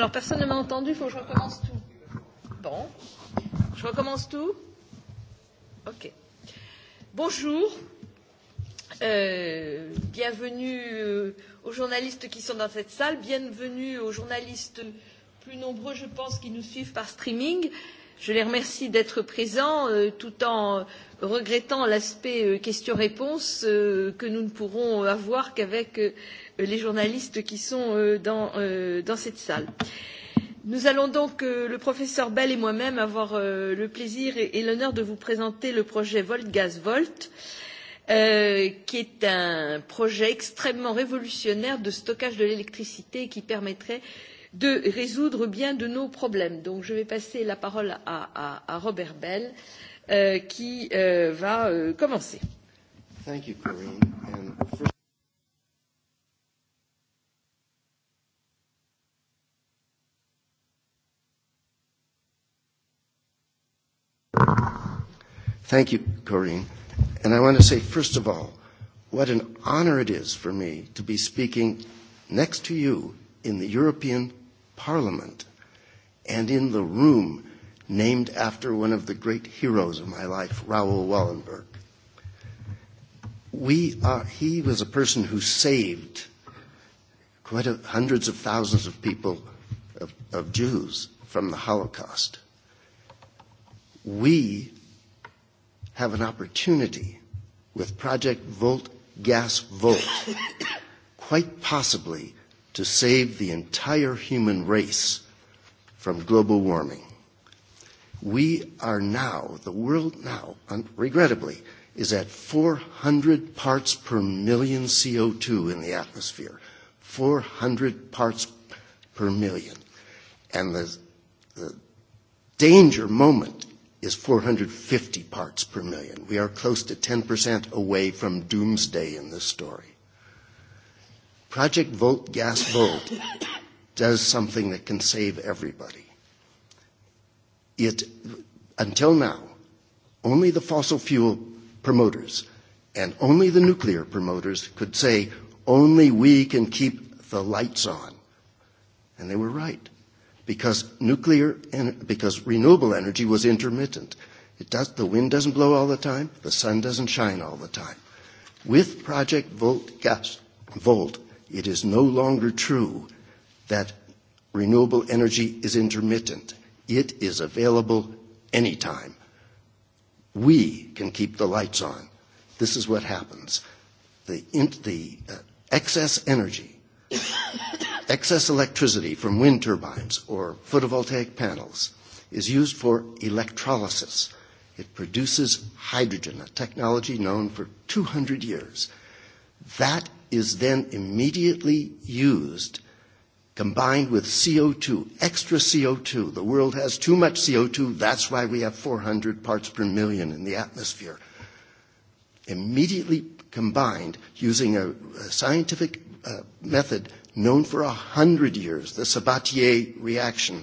Alors personne ne m'a entendu, il faut que je recommence tout. Bon, je recommence tout Ok. Bonjour, euh, bienvenue euh, aux journalistes qui sont dans cette salle, bienvenue aux journalistes plus nombreux, je pense, qui nous suivent par streaming. Euh, Je les remercie d'être présents euh, tout en euh, regrettant l'aspect euh, questions-réponses euh, que nous ne pourrons avoir qu'avec euh, les journalistes qui sont euh, dans, euh, dans cette salle. Nous allons donc, euh, le professeur Bell et moi-même, avoir euh, le plaisir et, et l'honneur de vous présenter le projet Volt-Gaz-Volt, euh, qui est un projet extrêmement révolutionnaire de stockage de l'électricité qui permettrait euh, de résoudre bien de nos problèmes. Donc je vais passer la parole à, à, à Robert Bell euh, qui euh, va euh, commencer. Thank you, Corinne. And first... Thank you, Corinne. And I want to say, first of all, what an honor it is for me to be speaking next to you in the European Parliament and in the room named after one of the great heroes of my life, Raoul Wallenberg. We are, he was a person who saved quite a, hundreds of thousands of people, of, of Jews, from the Holocaust. We have an opportunity with Project Volt Gas Volt, quite possibly to save the entire human race from global warming. We are now, the world now, regrettably, is at 400 parts per million CO2 in the atmosphere. 400 parts per million. And the, the danger moment is 450 parts per million. We are close to 10% away from doomsday in this story. Project Vote Gas Vote does something that can save everybody. It, until now, only the fossil fuel promoters and only the nuclear promoters could say, only we can keep the lights on. And they were right, because nuclear and because renewable energy was intermittent. It does, the wind doesn't blow all the time, the sun doesn't shine all the time. With Project Volt Gas Volt, It is no longer true that renewable energy is intermittent. It is available anytime. We can keep the lights on. This is what happens. The, in, the uh, excess energy, excess electricity from wind turbines or photovoltaic panels is used for electrolysis. It produces hydrogen, a technology known for 200 years. That is then immediately used combined with CO2, extra CO2. The world has too much CO2. That's why we have 400 parts per million in the atmosphere. Immediately combined using a, a scientific uh, method known for a hundred years, the Sabatier reaction,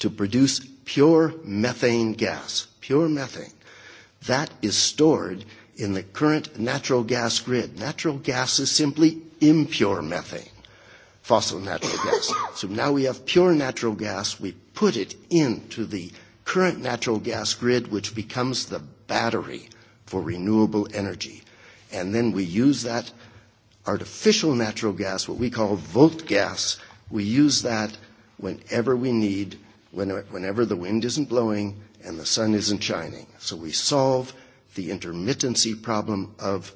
to produce pure methane gas, pure methane. That is stored in the current natural gas grid. Natural gas is simply impure methane, fossil natural gas. So now we have pure natural gas. We put it into the current natural gas grid, which becomes the battery for renewable energy. And then we use that artificial natural gas, what we call volt gas, we use that whenever we need, whenever the wind isn't blowing and the sun isn't shining. So we solve the intermittency problem of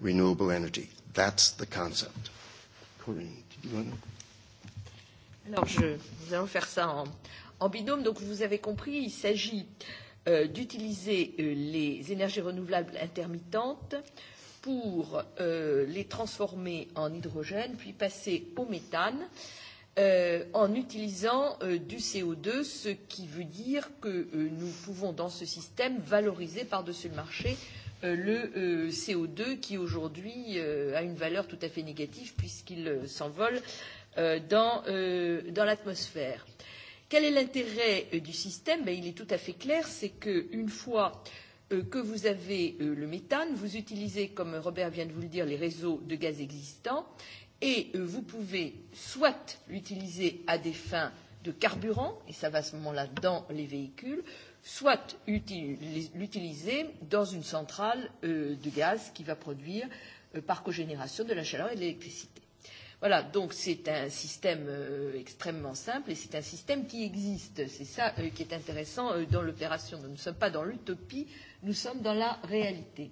renewable energy. That's the concept. Corinne, do you want to? Alors, je, nous allons faire ça en, en binôme. Donc, vous avez compris, il s'agit euh, d'utiliser euh, les énergies renouvelables intermittentes pour euh, les transformer en hydrogène, puis passer au méthane. Euh, euh, en utilisant euh, du CO2, ce qui veut dire que euh, nous pouvons, dans ce système, valoriser par-dessus le marché euh, le euh, CO2 qui, aujourd'hui, euh, a une valeur tout à fait négative puisqu'il euh, s'envole euh, dans, euh, dans l'atmosphère. Quel est l'intérêt euh, du système ben, Il est tout à fait clair, c'est qu'une fois euh, que vous avez euh, le méthane, vous utilisez, comme Robert vient de vous le dire, les réseaux de gaz existants et euh, vous pouvez soit l'utiliser à des fins de carburant, et ça va à ce moment-là dans les véhicules, soit l'utiliser dans une centrale euh, de gaz qui va produire euh, par cogénération de la chaleur et de l'électricité. Voilà, donc c'est un système euh, extrêmement simple et c'est un système qui existe. C'est ça euh, qui est intéressant euh, dans l'opération. Nous ne sommes pas dans l'utopie, nous sommes dans la réalité.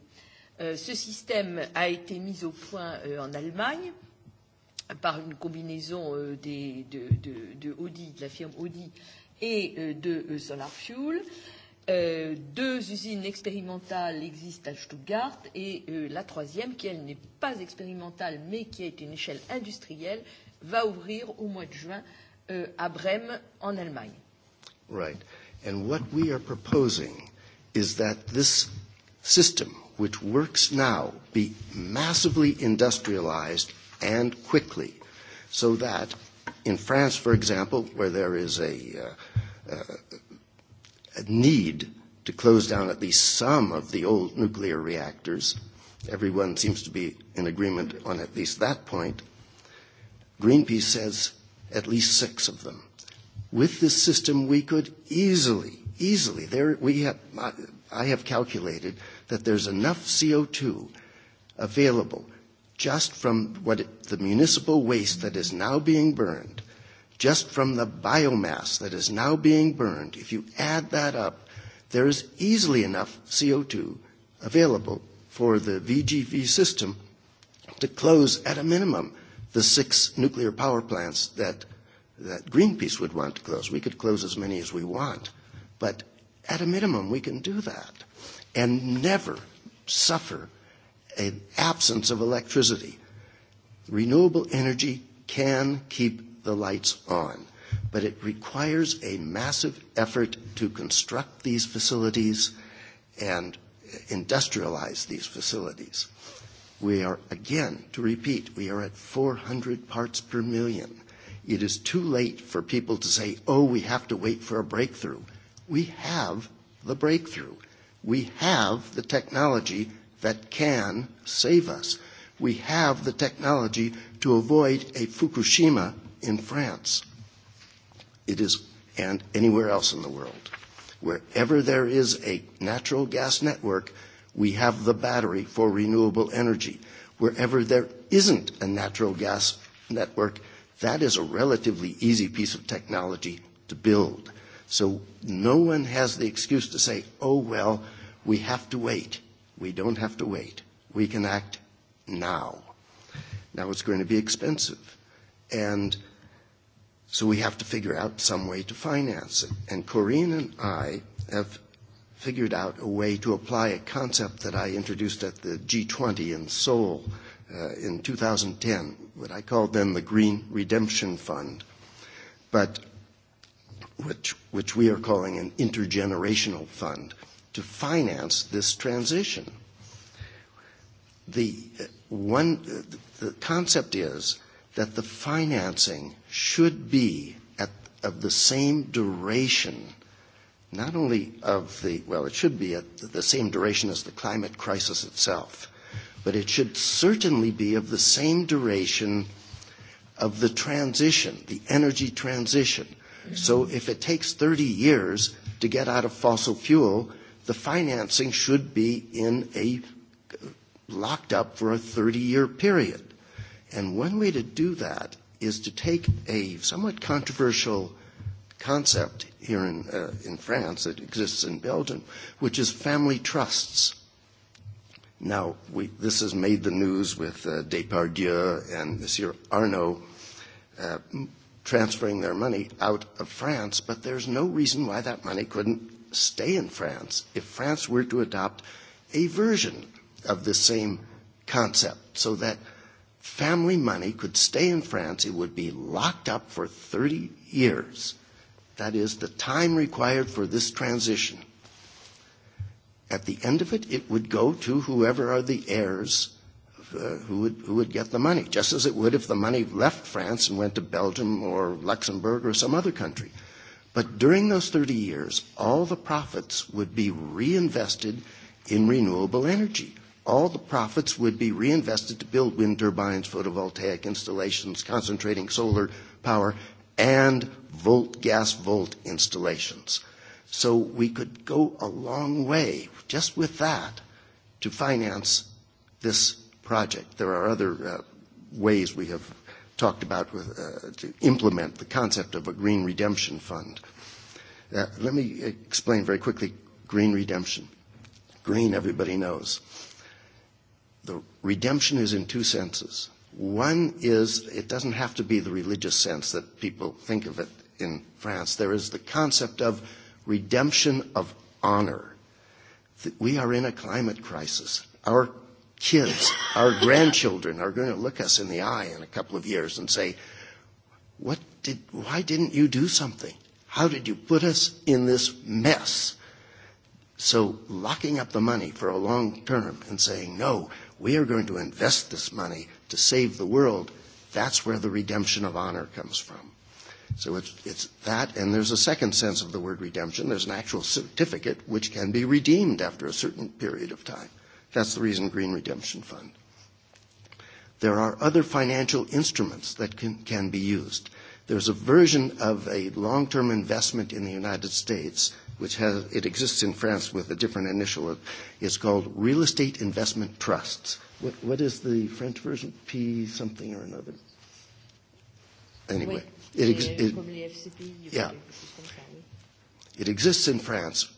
Euh, ce système a été mis au point euh, en Allemagne par une combinaison euh, des, de, de, de Audi, de la firme Audi et euh, de euh, Solar Fuel. Euh, deux usines expérimentales existent à Stuttgart et euh, la troisième, qui elle n'est pas expérimentale mais qui est une échelle industrielle, va ouvrir au mois de juin euh, à Brême en Allemagne. Right. And what we are proposing is that this system, which works now, be massively industrialized and quickly, so that in France, for example, where there is a, uh, uh, a need to close down at least some of the old nuclear reactors, everyone seems to be in agreement on at least that point. Greenpeace says at least six of them. With this system, we could easily, easily, there we have, I have calculated that there's enough CO2 available just from what it, the municipal waste that is now being burned, just from the biomass that is now being burned, if you add that up, there is easily enough CO2 available for the VGV system to close at a minimum the six nuclear power plants that, that Greenpeace would want to close. We could close as many as we want, but at a minimum we can do that and never suffer an absence of electricity. Renewable energy can keep the lights on, but it requires a massive effort to construct these facilities and industrialize these facilities. We are, again, to repeat, we are at 400 parts per million. It is too late for people to say, oh, we have to wait for a breakthrough. We have the breakthrough. We have the technology that can save us. We have the technology to avoid a Fukushima in France. It is, and anywhere else in the world. Wherever there is a natural gas network, we have the battery for renewable energy. Wherever there isn't a natural gas network, that is a relatively easy piece of technology to build. So no one has the excuse to say, oh, well, we have to wait. We don't have to wait. We can act now. Now it's going to be expensive. And so we have to figure out some way to finance it. And Corinne and I have figured out a way to apply a concept that I introduced at the G20 in Seoul uh, in 2010, what I called then the Green Redemption Fund, but which, which we are calling an intergenerational fund. Uh, to finance this transition. The, uh, one, uh, the concept is that the financing should be at, of the same duration, not only of the, well, it should be at the same duration as the climate crisis itself, but it should certainly be of the same duration of the transition, the energy transition. So if it takes 30 years to get out of fossil fuel, the financing should be in a locked up for a 30 year period. And one way to do that is to take a somewhat controversial concept here in, uh, in France that exists in Belgium, which is family trusts. Now, we, this has made the news with uh, Depardieu and Monsieur Arnaud uh, transferring their money out of France, but there's no reason why that money couldn't stay in France if France were to adopt a version of the same concept so that family money could stay in France. It would be locked up for 30 years. That is the time required for this transition. At the end of it, it would go to whoever are the heirs uh, who, would, who would get the money, just as it would if the money left France and went to Belgium or Luxembourg or some other country. Uh, But during those 30 years, all the profits would be reinvested in renewable energy. All the profits would be reinvested to build wind turbines, photovoltaic installations, concentrating solar power, and volt gas volt installations. So we could go a long way just with that to finance this project. There are other uh, ways we have talked about with, uh, to implement the concept of a green redemption fund. Uh, let me explain very quickly green redemption. Green, everybody knows. The redemption is in two senses. One is it doesn't have to be the religious sense that people think of it in France. There is the concept of redemption of honor. We are in a climate crisis. Our kids, our grandchildren are going to look us in the eye in a couple of years and say, what did, why didn't you do something? How did you put us in this mess? So locking up the money for a long term and saying, no, we are going to invest this money to save the world, that's where the redemption of honor comes from. So it's, it's that, and there's a second sense of the word redemption. There's an actual certificate which can be redeemed after a certain period of time. That's the reason Green Redemption Fund. There are other financial instruments that can, can be used. There's a version of a long-term investment in the United States, which has, it exists in France with a different initial. It's called Real Estate Investment Trusts. What, what is the French version? P something or another. Anyway, oui, it, ex- it, yeah, it exists in France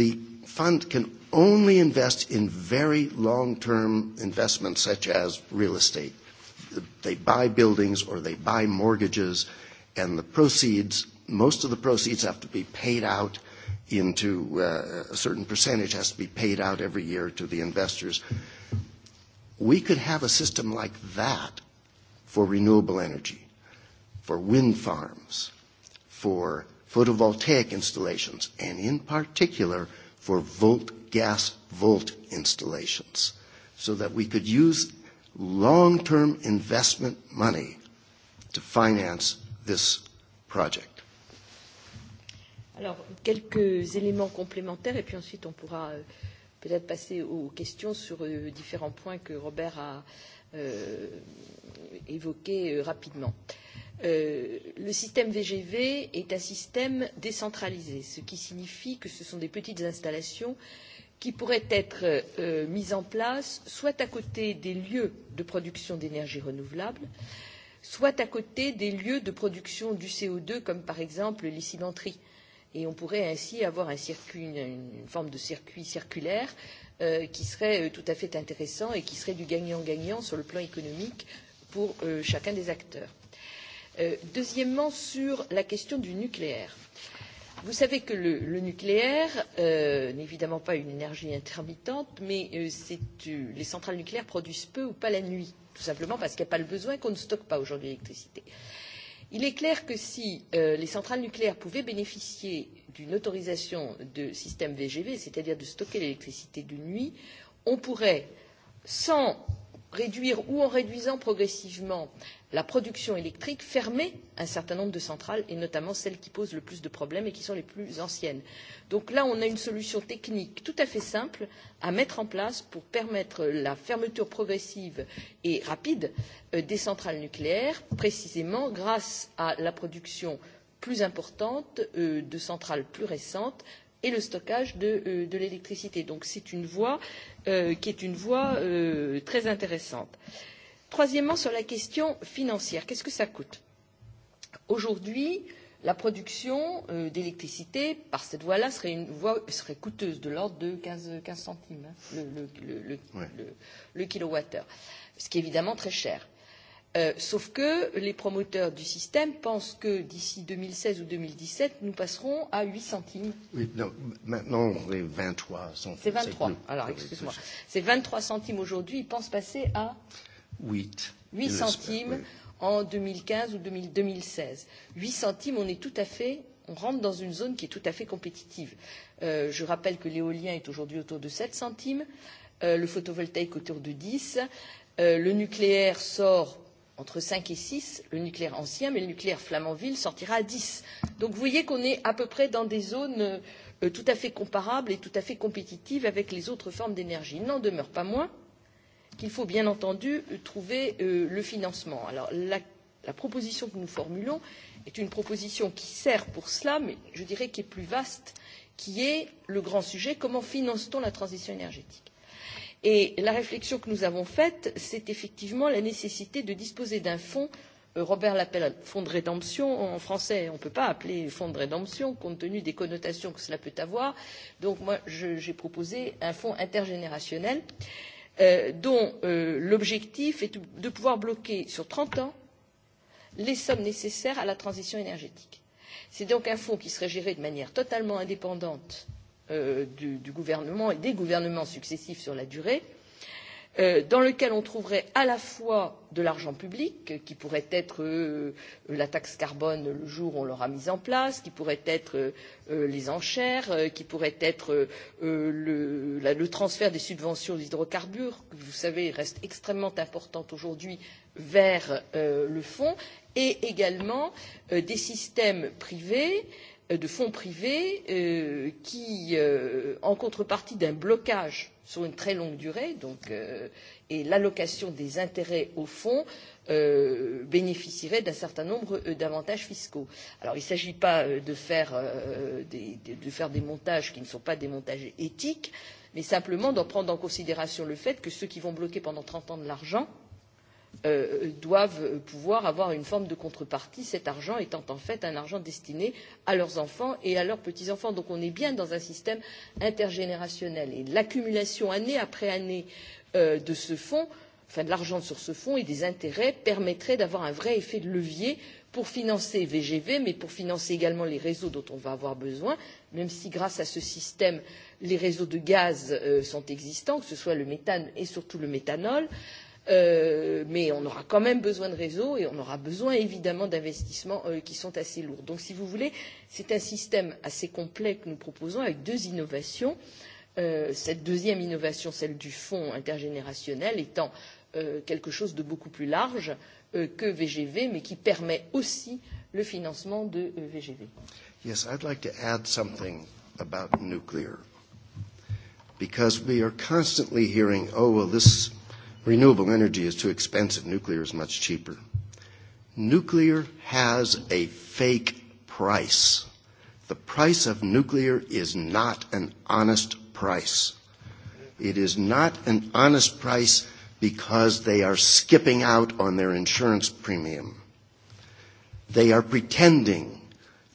the fund can only invest in very long-term investments such as real estate. They buy buildings or they buy mortgages, and the proceeds, most of the proceeds have to be paid out into uh, a certain percentage has to be paid out every year to the investors. We could have a system like that for renewable energy, for wind farms, for photovoltaic installations, and in particular for volt gas volt installations, so that we could use long-term investment money to finance this project. Alors, quelques éléments complémentaires et puis ensuite on pourra euh, peut-être passer aux questions sur euh, différents points que Robert a euh, évoqués euh, rapidement. Euh, Euh, le système VGV est un système décentralisé, ce qui signifie que ce sont des petites installations qui pourraient être euh, mises en place soit à côté des lieux de production d'énergie renouvelable, soit à côté des lieux de production du CO2, comme par exemple les cimenteries. Et on pourrait ainsi avoir un circuit, une, une forme de circuit circulaire euh, qui serait euh, tout à fait intéressant et qui serait du gagnant-gagnant sur le plan économique pour euh, chacun des acteurs. Euh, deuxièmement, sur la question du nucléaire. Vous savez que le, le nucléaire euh, n'est évidemment pas une énergie intermittente, mais euh, euh, les centrales nucléaires produisent peu ou pas la nuit, tout simplement parce qu'il n'y a pas le besoin et qu'on ne stocke pas aujourd'hui l'électricité. Il est clair que si euh, les centrales nucléaires pouvaient bénéficier d'une autorisation de système VGV, c'est-à-dire de stocker l'électricité de nuit, on pourrait, sans réduire ou en réduisant progressivement la production électrique fermer un certain nombre de centrales et notamment celles qui posent le plus de problèmes et qui sont les plus anciennes. donc là on a une solution technique tout à fait simple à mettre en place pour permettre la fermeture progressive et rapide euh, des centrales nucléaires précisément grâce à la production plus importante euh, de centrales plus récentes et le stockage de, euh, de l'électricité. Donc c'est une voie euh, qui est une voie euh, très intéressante. Troisièmement, sur la question financière, qu'est-ce que ça coûte Aujourd'hui, la production euh, d'électricité par cette voie-là serait, une voie, serait coûteuse de l'ordre de 15, 15 centimes hein, le, le, le, le, ouais. le, le kilowattheure, ce qui est évidemment très cher. Euh, Euh, sauf que les promoteurs du système pensent que d'ici 2016 ou 2017, nous passerons à 8 centimes. Oui, non, maintenant, c'est 23 centimes. C'est 23, alors excuse-moi. C'est 23 centimes aujourd'hui, ils pensent passer à 8, 8 centimes oui. en 2015 ou 2000, 2016. 8 centimes, on est tout à fait, on rentre dans une zone qui est tout à fait compétitive. Euh, je rappelle que l'éolien est aujourd'hui autour de 7 centimes, euh, le photovoltaïque autour de 10, euh, le nucléaire sort entre cinq et six le nucléaire ancien mais le nucléaire flamanville sortira à dix donc vous voyez qu'on est à peu près dans des zones euh, tout à fait comparables et tout à fait compétitives avec les autres formes d'énergie. il n'en demeure pas moins qu'il faut bien entendu euh, trouver euh, le financement. alors la, la proposition que nous formulons est une proposition qui sert pour cela mais je dirais qui est plus vaste qui est le grand sujet comment finance t on la transition énergétique? et la réflexion que nous avons faite c'est effectivement la nécessité de disposer d'un fonds euh, robert l'appelle fonds de rédemption en français on ne peut pas appeler fonds de rédemption compte tenu des connotations que cela peut avoir donc moi j'ai proposé un fonds intergénérationnel euh, dont euh, l'objectif est de pouvoir bloquer sur trente ans les sommes nécessaires à la transition énergétique. c'est donc un fonds qui serait géré de manière totalement indépendante euh, euh, du, du gouvernement et des gouvernements successifs sur la durée euh, dans lequel on trouverait à la fois de l'argent public qui pourrait être euh, la taxe carbone le jour où on l'aura mise en place qui pourrait être euh, euh les enchères euh, qui pourrait être euh, le, la, le transfert des subventions aux hydrocarbures qui vous savez reste extrêmement importante aujourd'hui vers euh, le fonds et également des systèmes privés euh, Euh, de fonds privés euh, qui, euh, en contrepartie d'un blocage sur une très longue durée donc, euh, et l'allocation des intérêts aux fonds, euh, bénéficierait d'un certain nombre euh, d'avantages fiscaux. Alors il ne s'agit pas euh, de faire, euh, des, de faire des montages qui ne sont pas des montages éthiques, mais simplement d'en prendre en considération le fait que ceux qui vont bloquer pendant 30 ans de l'argent euh, euh, doivent pouvoir avoir une forme de contrepartie, cet argent étant en fait un argent destiné à leurs enfants et à leurs petits enfants. Donc on est bien dans un système intergénérationnel et l'accumulation année après année euh, de ce fonds enfin de l'argent sur ce fonds et des intérêts permettrait d'avoir un vrai effet de levier pour financer VGV, mais pour financer également les réseaux dont on va avoir besoin, même si grâce à ce système, les réseaux de gaz euh, sont existants, que ce soit le méthane et surtout le méthanol. Euh, Euh, mais on aura quand même besoin de réseaux et on aura besoin évidemment d'investissements euh, qui sont assez lourds. Donc si vous voulez, c'est un système assez complet que nous proposons avec deux innovations. Euh, cette deuxième innovation, celle du fonds intergénérationnel, étant euh, quelque chose de beaucoup plus large euh, que VGV, mais qui permet aussi le financement de euh, VGV. Yes, I'd like to add something about nuclear. Because we are constantly hearing, oh, well, this renewable energy is too expensive. Nuclear is much cheaper. Nuclear has a fake price. The price of nuclear is not an honest price. It is not an honest price because they are skipping out on their insurance premium. They are pretending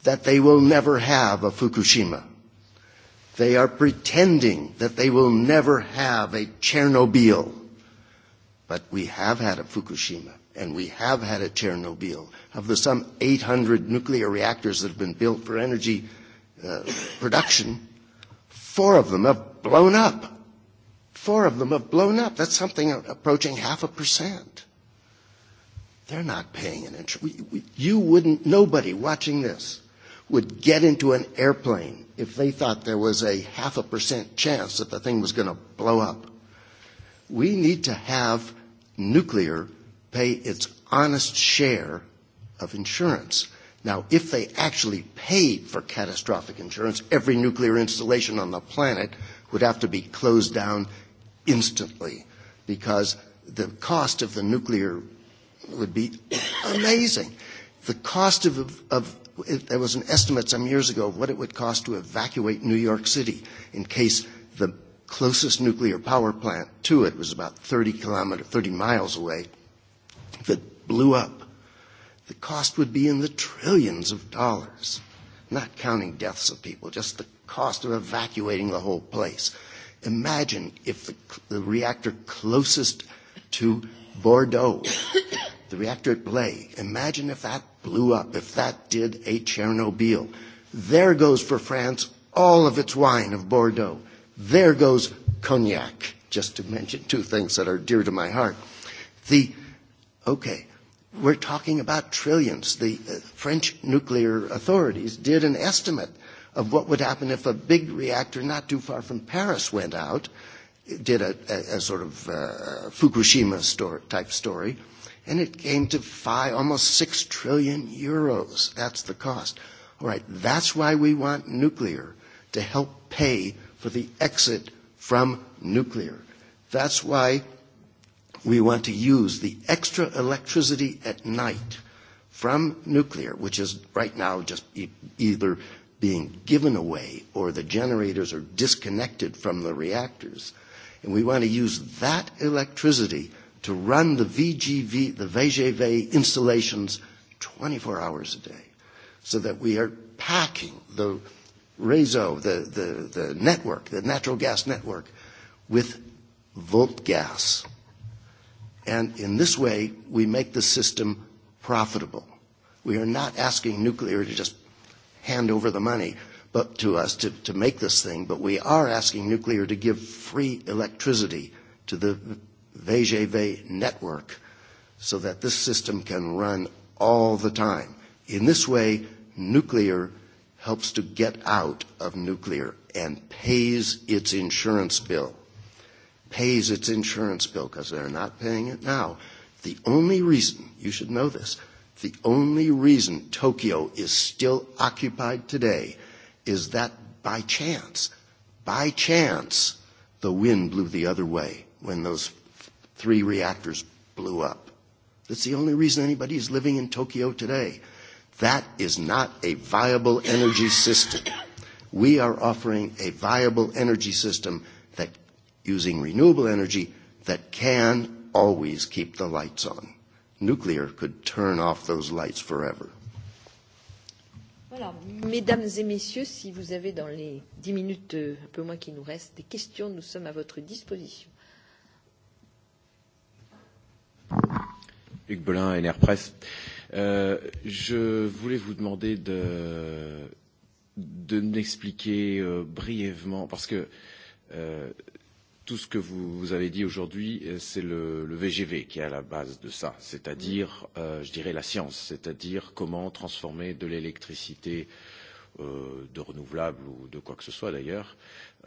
that they will never have a Fukushima. They are pretending that they will never have a Chernobyl. But we have had at Fukushima and we have had at Chernobyl of the some 800 nuclear reactors that have been built for energy uh, production, four of them have blown up. Four of them have blown up. That's something approaching half a percent. They're not paying an interest. We, we, you wouldn't, nobody watching this would get into an airplane if they thought there was a half a percent chance that the thing was going to blow up we need to have nuclear pay its honest share of insurance. Now, if they actually paid for catastrophic insurance, every nuclear installation on the planet would have to be closed down instantly because the cost of the nuclear would be amazing. The cost of, of it, there was an estimate some years ago of what it would cost to evacuate New York City in case the closest nuclear power plant to it was about 30 kilometer, 30 miles away. If it blew up, the cost would be in the trillions of dollars, not counting deaths of people, just the cost of evacuating the whole place. Imagine if the, the reactor closest to Bordeaux, the reactor at Blay, imagine if that blew up, if that did a Chernobyl. There goes for France all of its wine of Bordeaux. There goes cognac, just to mention two things that are dear to my heart. The, okay, we're talking about trillions. The uh, French nuclear authorities did an estimate of what would happen if a big reactor not too far from Paris went out, it did a, a, a sort of uh, Fukushima story, type story, and it came to five, almost six trillion euros. That's the cost. All right, that's why we want nuclear to help pay for the exit from nuclear. That's why we want to use the extra electricity at night from nuclear, which is right now just e- either being given away or the generators are disconnected from the reactors. And we want to use that electricity to run the VGV, the VGV installations 24 hours a day so that we are packing the Rezo, the, the, the network, the natural gas network, with volt gas. And in this way, we make the system profitable. We are not asking nuclear to just hand over the money but to us to, to make this thing, but we are asking nuclear to give free electricity to the VGV network so that this system can run all the time. In this way, nuclear helps to get out of nuclear and pays its insurance bill. Pays its insurance bill because they're not paying it now. The only reason, you should know this, the only reason Tokyo is still occupied today is that by chance, by chance, the wind blew the other way when those three reactors blew up. That's the only reason anybody is living in Tokyo today. That is not a viable energy system. We are offering a viable energy system that, using renewable energy, that can always keep the lights on. Nuclear could turn off those lights forever. Voilà. Mesdames et messieurs, si vous avez dans les dix minutes, euh, un peu moins qui nous restent, des questions, nous sommes à votre disposition. Hugues Belin, NR Presse. Euh, Euh, je voulais vous demander de, de m'expliquer euh, brièvement, parce que euh, tout ce que vous, vous avez dit aujourd'hui, euh, c'est le, le VGV qui est à la base de ça, c'est-à-dire, euh, je dirais, la science, c'est-à-dire comment transformer de l'électricité euh, de renouvelable ou de quoi que ce soit d'ailleurs,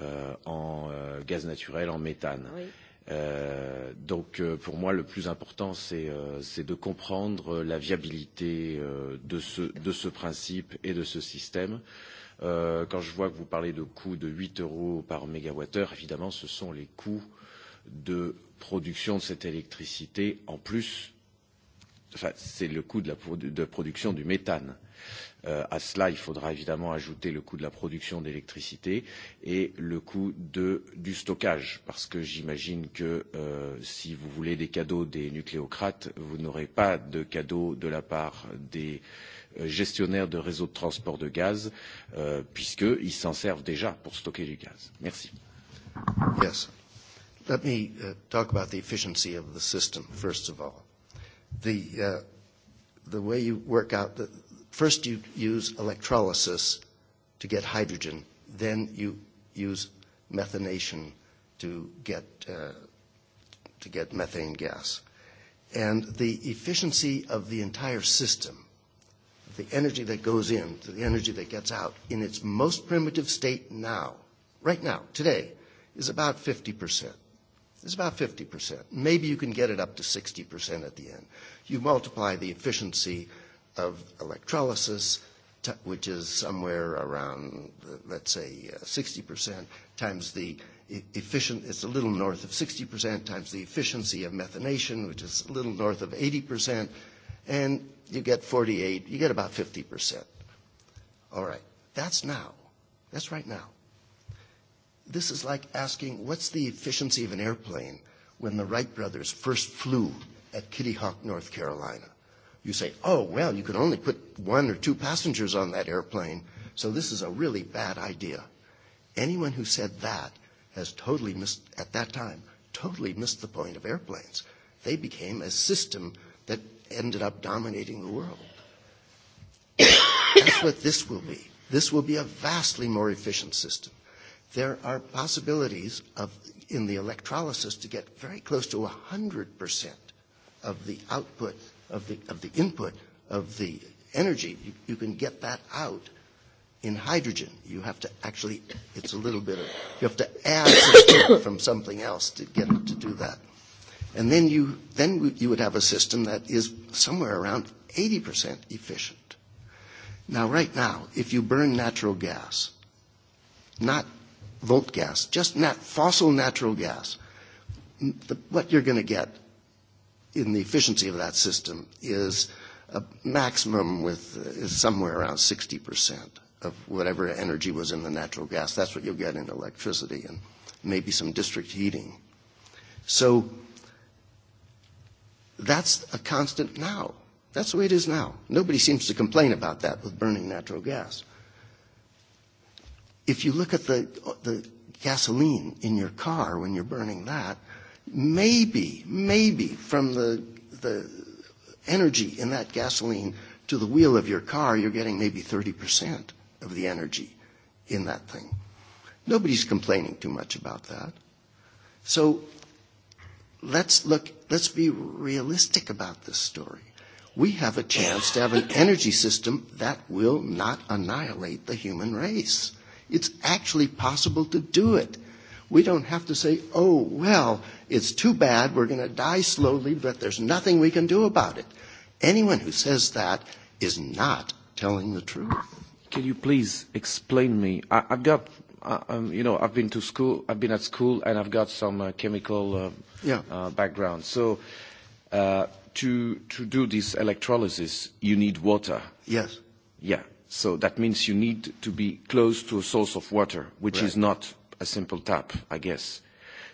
euh, en euh, gaz naturel, en méthane. Oui. Euh, Euh, donc euh, pour moi, le plus important, c'est euh, de comprendre euh, la viabilité euh, de, ce, de ce principe et de ce système. Euh, quand je vois que vous parlez de coûts de 8 euros par mégawattheure, évidemment, ce sont les coûts de production de cette électricité en plus. Enfin, c'est le coût de la de production du méthane. Euh, Euh, à cela, il faudra évidemment ajouter le coût de la production d'électricité et le coût de, du stockage, parce que j'imagine que euh, si vous voulez des cadeaux des nucléocrates, vous n'aurez pas de cadeaux de la part des euh, gestionnaires de réseaux de transport de gaz, euh, puisqu'ils s'en servent déjà pour stocker du gaz. Merci. Yes. Let me uh, talk about the efficiency of the system, first of all. The, uh, the way you work out the, First, you use electrolysis to get hydrogen. Then you use methanation to get, uh, to get methane gas. And the efficiency of the entire system, the energy that goes in to the energy that gets out, in its most primitive state now, right now, today, is about 50%. It's about 50%. Maybe you can get it up to 60% at the end. You multiply the efficiency of electrolysis, t- which is somewhere around, uh, let's say, uh, 60%, times the e- efficient, it's a little north of 60%, times the efficiency of methanation, which is a little north of 80%, and you get 48, you get about 50%. All right, that's now. That's right now. This is like asking, what's the efficiency of an airplane when the Wright brothers first flew at Kitty Hawk, North Carolina? you say, oh, well, you can only put one or two passengers on that airplane, so this is a really bad idea. Anyone who said that has totally missed, at that time, totally missed the point of airplanes. They became a system that ended up dominating the world. That's what this will be. This will be a vastly more efficient system. There are possibilities of, in the electrolysis to get very close to 100% of the output of the, of the input of the energy, you, you can get that out in hydrogen. You have to actually, it's a little bit of, you have to add something from something else to get it to do that. And then you, then you would have a system that is somewhere around 80% efficient. Now, right now, if you burn natural gas, not volt gas, just nat- fossil natural gas, the, what you're going to get in the efficiency of that system is a maximum with uh, is somewhere around 60% of whatever energy was in the natural gas. That's what you'll get in electricity and maybe some district heating. So that's a constant now. That's the way it is now. Nobody seems to complain about that with burning natural gas. If you look at the, uh, the gasoline in your car when you're burning that, maybe, maybe from the, the energy in that gasoline to the wheel of your car, you're getting maybe 30% of the energy in that thing. Nobody's complaining too much about that. So let's look, let's be realistic about this story. We have a chance to have an energy system that will not annihilate the human race. It's actually possible to do it. We don't have to say, oh, well, It's too bad. We're going to die slowly, but there's nothing we can do about it. Anyone who says that is not telling the truth. Can you please explain me? I, I've got, uh, um, you know, I've been to school, I've been at school, and I've got some uh, chemical uh, yeah. uh, background. So uh, to to do this electrolysis, you need water. Yes. Yeah. So that means you need to be close to a source of water, which right. is not a simple tap, I guess.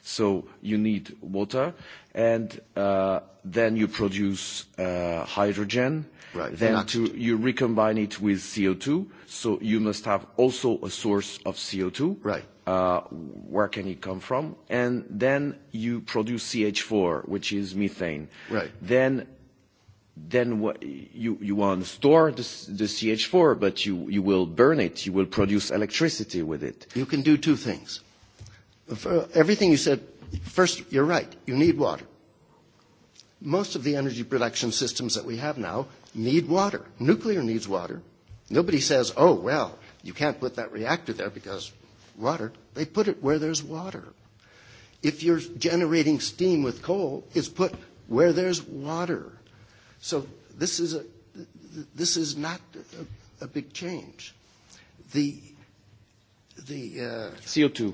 So you need water, and uh, then you produce uh, hydrogen. Right. Then to, you recombine it with CO2, so you must have also a source of CO2. Right. Uh, where can it come from? And then you produce CH4, which is methane. Right. Then then what you you want to store the, the CH4, but you you will burn it. You will produce electricity with it. You can do two things everything you said, first, you're right, you need water. Most of the energy production systems that we have now need water. Nuclear needs water. Nobody says, oh, well, you can't put that reactor there because water. They put it where there's water. If you're generating steam with coal, it's put where there's water. So this is, a, this is not a, a big change. The, the uh, CO2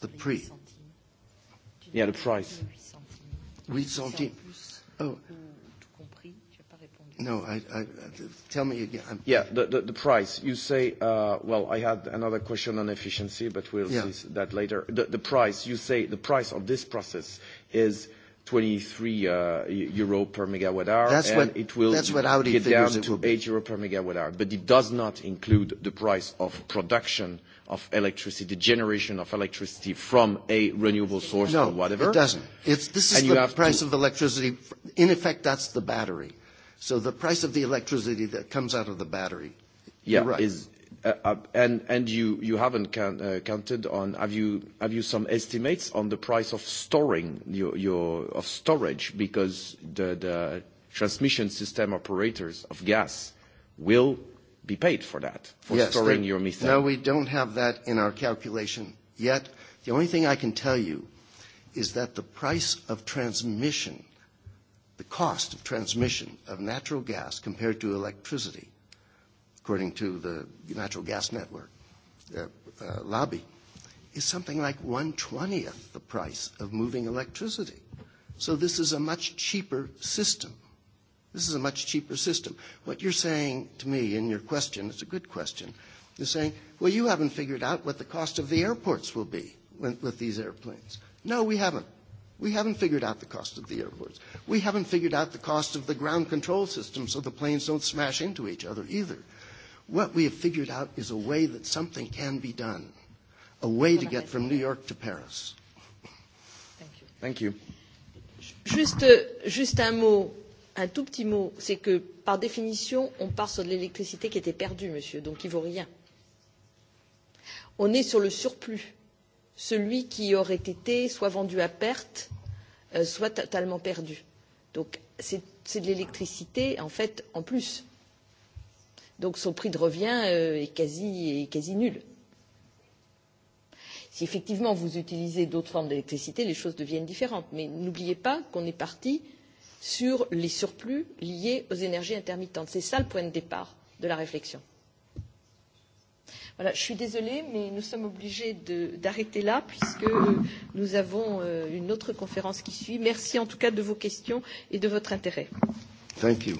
The prix. Yeah, the price. 8 centimes. Oh. No, I, I, tell me again. I'm yeah, the, the, the price. You say, uh, well, I had another question on efficiency, but we'll yeah. see that later. The, the price, you say the price of this process is 23 uh, e, euro per megawatt hour. That's and what, it will that's what Audi get down it will to be. 8 euro per megawatt hour. But it does not include the price of production of electricity, generation of electricity from a renewable source no, or whatever. No, it doesn't. It's, this is and the price to, of electricity. In effect, that's the battery. So the price of the electricity that comes out of the battery. Yeah, You're right. is Uh, uh, and, and you, you haven't count, uh, counted on. Have you, have you some estimates on the price of storing your, your of storage? Because the, the transmission system operators of gas will be paid for that, for yes, storing they, your methane. No, we don't have that in our calculation yet. The only thing I can tell you is that the price of transmission, the cost of transmission of natural gas compared to electricity, according to the Natural Gas Network uh, uh, lobby, is something like one twentieth the price of moving electricity. So this is a much cheaper system. This is a much cheaper system. What you're saying to me in your question, it's a good question, you're saying, well, you haven't figured out what the cost of the airports will be when, with these airplanes. No, we haven't. We haven't figured out the cost of the airports. We haven't figured out the cost of the ground control system so the planes don't smash into each other either. What we have figured out is a way that something can be done, a way to get from New York to Paris. Thank you. Thank you. Juste, juste un mot, un tout petit mot, c'est que par définition, on part sur de l'électricité qui était perdue, monsieur, donc qui vaut rien. On est sur le surplus, celui qui aurait été soit vendu à perte, euh, soit totalement perdu. Donc c'est de l'électricité, en fait, en plus. Euh, donc son prix de revient euh, est quasi, est quasi nul. Si effectivement vous utilisez d'autres formes d'électricité, les choses deviennent différentes. Mais n'oubliez pas qu'on est parti sur les surplus liés aux énergies intermittentes. C'est ça le point de départ de la réflexion. Voilà, je suis désolée, mais nous sommes obligés d'arrêter là puisque euh, nous avons euh, une autre conférence qui suit. Merci en tout cas de vos questions et de votre intérêt. Thank you.